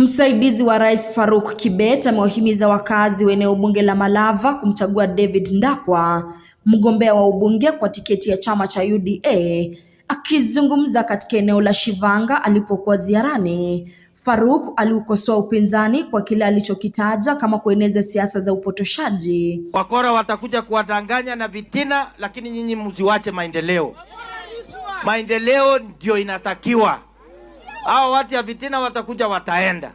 Msaidizi wa Rais Faruk Kibet amewahimiza wakazi wa eneo bunge la Malava kumchagua David Ndakwa mgombea wa ubunge kwa tiketi ya chama cha UDA. Akizungumza katika eneo la Shivanga alipokuwa ziarani, Faruk aliukosoa upinzani kwa kile alichokitaja kama kueneza siasa za upotoshaji. Wakora watakuja kuwadanganya na vitina, lakini nyinyi mziwache maendeleo. Maendeleo ndio inatakiwa. Hao watu ya vitina watakuja, wataenda.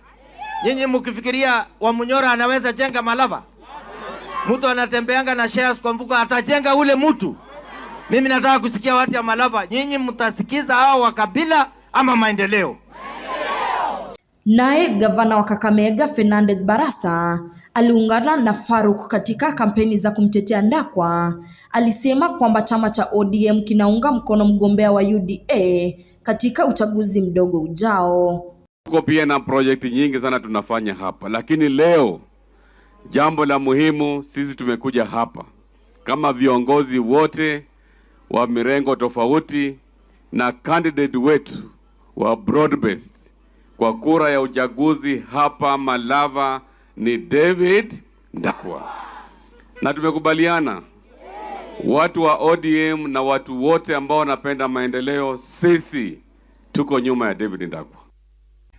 Nyinyi mkifikiria Wamunyora anaweza jenga Malava? Mtu anatembeanga na shares kwa mfuko, atajenga ule mtu? Mimi nataka kusikia watu ya Malava, nyinyi mtasikiza hao wa kabila ama maendeleo? Naye gavana wa Kakamega Fernandes Barasa aliungana na Faruk katika kampeni za kumtetea Ndakwa. Alisema kwamba chama cha ODM kinaunga mkono mgombea wa UDA katika uchaguzi mdogo ujao. Tuko pia na projekti nyingi sana tunafanya hapa, lakini leo jambo la muhimu, sisi tumekuja hapa kama viongozi wote wa mirengo tofauti na candidate wetu wa broad based kwa kura ya uchaguzi hapa Malava ni David Ndakwa, na tumekubaliana watu wa ODM na watu wote ambao wanapenda maendeleo, sisi tuko nyuma ya David Ndakwa.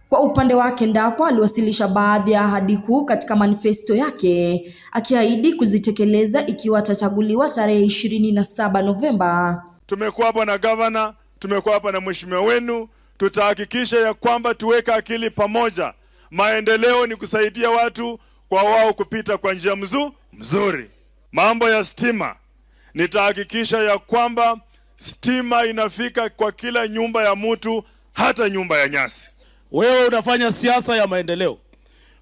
Kwa upande wake Ndakwa aliwasilisha baadhi ya ahadi kuu katika manifesto yake akiahidi kuzitekeleza ikiwa atachaguliwa tarehe ishirini na saba Novemba. Tumekuwa hapa na gavana, tumekuwa hapa na mheshimiwa wenu tutahakikisha ya kwamba tuweka akili pamoja. Maendeleo ni kusaidia watu kwa wao kupita kwa njia mzu mzuri. Mambo ya stima, nitahakikisha ya kwamba stima inafika kwa kila nyumba ya mtu, hata nyumba ya nyasi. Wewe unafanya siasa ya maendeleo.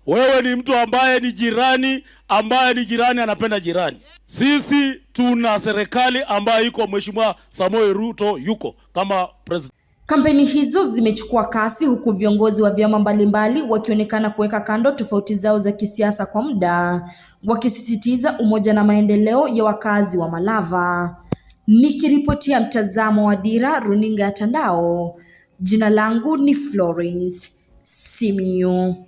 Wewe ni mtu ambaye ni jirani, ambaye ni jirani anapenda jirani. Sisi tuna serikali ambayo iko Mheshimiwa Samoei Ruto yuko kama president. Kampeni hizo zimechukua kasi huku viongozi wa vyama mbalimbali wakionekana kuweka kando tofauti zao za kisiasa kwa muda, wakisisitiza umoja na maendeleo ya wakazi wa Malava. Nikiripotia mtazamo wa Dira Runinga ya Tandao, jina langu ni Florence Simiyu.